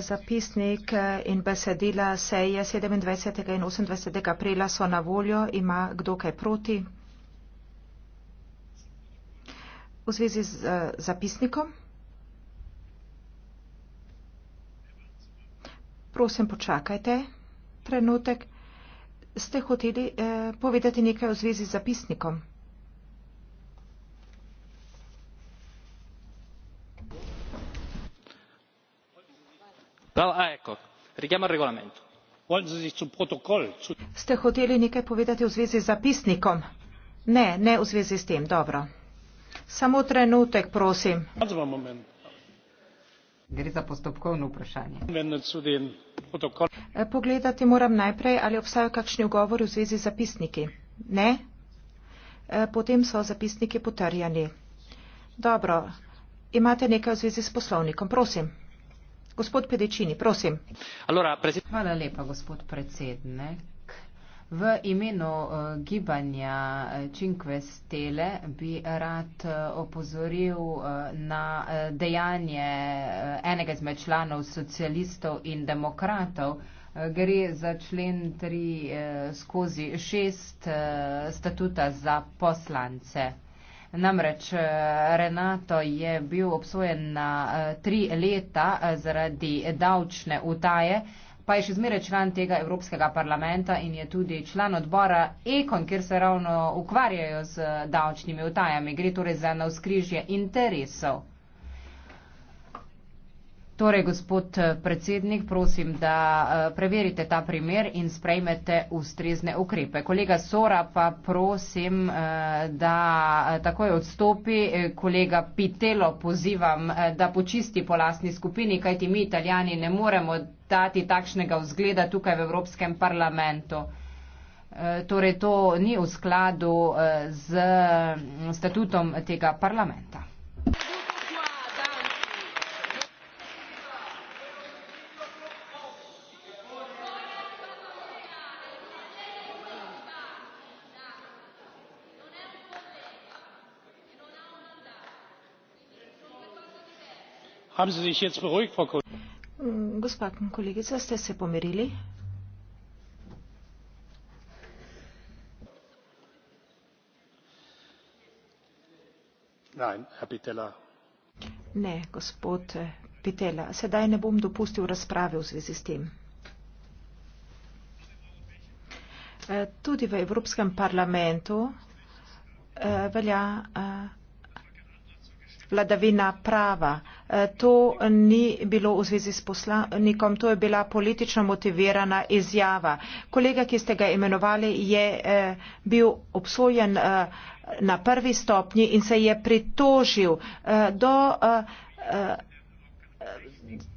Zapisnik eh, in besedila seje 27. in 28. aprila so na voljo. Ima kdo kaj proti? V zvezi z eh, zapisnikom? Prosim, počakajte trenutek. Ste hoteli eh, povedati nekaj v zvezi z zapisnikom? ste hoteli nekaj povedati v zvezi z zapisnikom? Ne, ne v zvezi s tem, dobro. Samo trenutek, prosim. Gre za postopkovno vprašanje. E, pogledati moram najprej, ali obstajajo kakšni ugovori v zvezi z zapisniki. Ne? E, potem so zapisniki potrjeni. Dobro. Imate nekaj v zvezi s poslovnikom, prosim. Gospod Pedečini, prosim. Allora, predsed... Hvala lepa, gospod predsednik. V imenu uh, gibanja eh, Cinque Stele bi rad uh, opozoril uh, na uh, dejanje uh, enega izmed članov socialistov in demokratov. Gre za člen 3 skozi 6 statuta za poslance. Namreč eh, Renato je bil obsojen na eh, tri leta eh, zaradi davčne utaje, pa je še zmeraj član tega Evropskega parlamenta in je tudi član odbora Ekon, kjer se ravno ukvarjajo z davčnimi utajami. Gre torej za navskrižje interesov. Torej, gospod eh, predsednik, prosim, da eh, preverite ta primer in sprejmete ustrezne ukrepe. Kolega Sora pa prosim, eh, da takoj odstopi. Kolega Pitelo pozivam, da počisti po lastni skupini, kajti mi italijani ne moremo dati takšnega vzgleda tukaj v Evropskem parlamentu. Torej, to ni v skladu z mm, statutom tega parlamenta. haben sie sich jetzt beruhigt frau kollegin? Mm, gospa kolegica ste se pomirili? ne gospod eh, pitela sedaj ne bom dopustil razprave v zvezi s tem. Eh, tudi v evropskem parlamentu eh, velja vladavina prava to ni bilo v zvezi s poslanikom, to je bila politično motivirana izjava. Kolega, ki ste ga imenovali, je eh, bil obsojen eh, na prvi stopnji in se je pritožil eh, do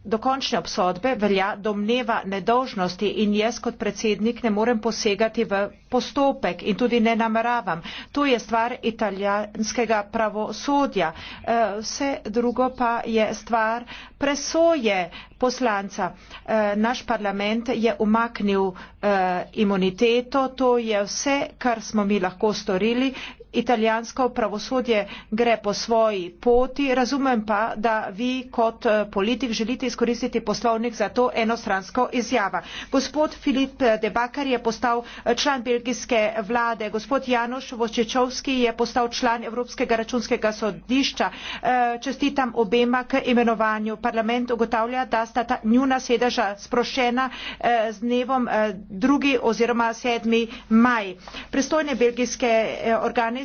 dokončne obsodbe velja domneva nedolžnosti in jaz kot predsednik ne morem posegati v postopek in tudi ne nameravam. To je stvar italijanskega pravosodja. Eh, vse drugo pa je stvar presoje poslanca. Eh, naš parlament je umaknil eh, imuniteto, to je vse, kar smo mi lahko storili italijansko pravosodje gre po svoji poti, razumem pa, da vi kot eh, politik želite izkoristiti poslovnik za to enostransko izjava. Gospod Filip eh, Debakar je postal eh, član belgijske vlade, gospod Janoš Vočečovski je postal član Evropskega računskega sodišča. Čestitam obema k imenovanju. Parlament ugotavlja, da sta ta njuna sedeža sprošena z dnevom 2. oziroma 7. maj. Pristojne belgijske organe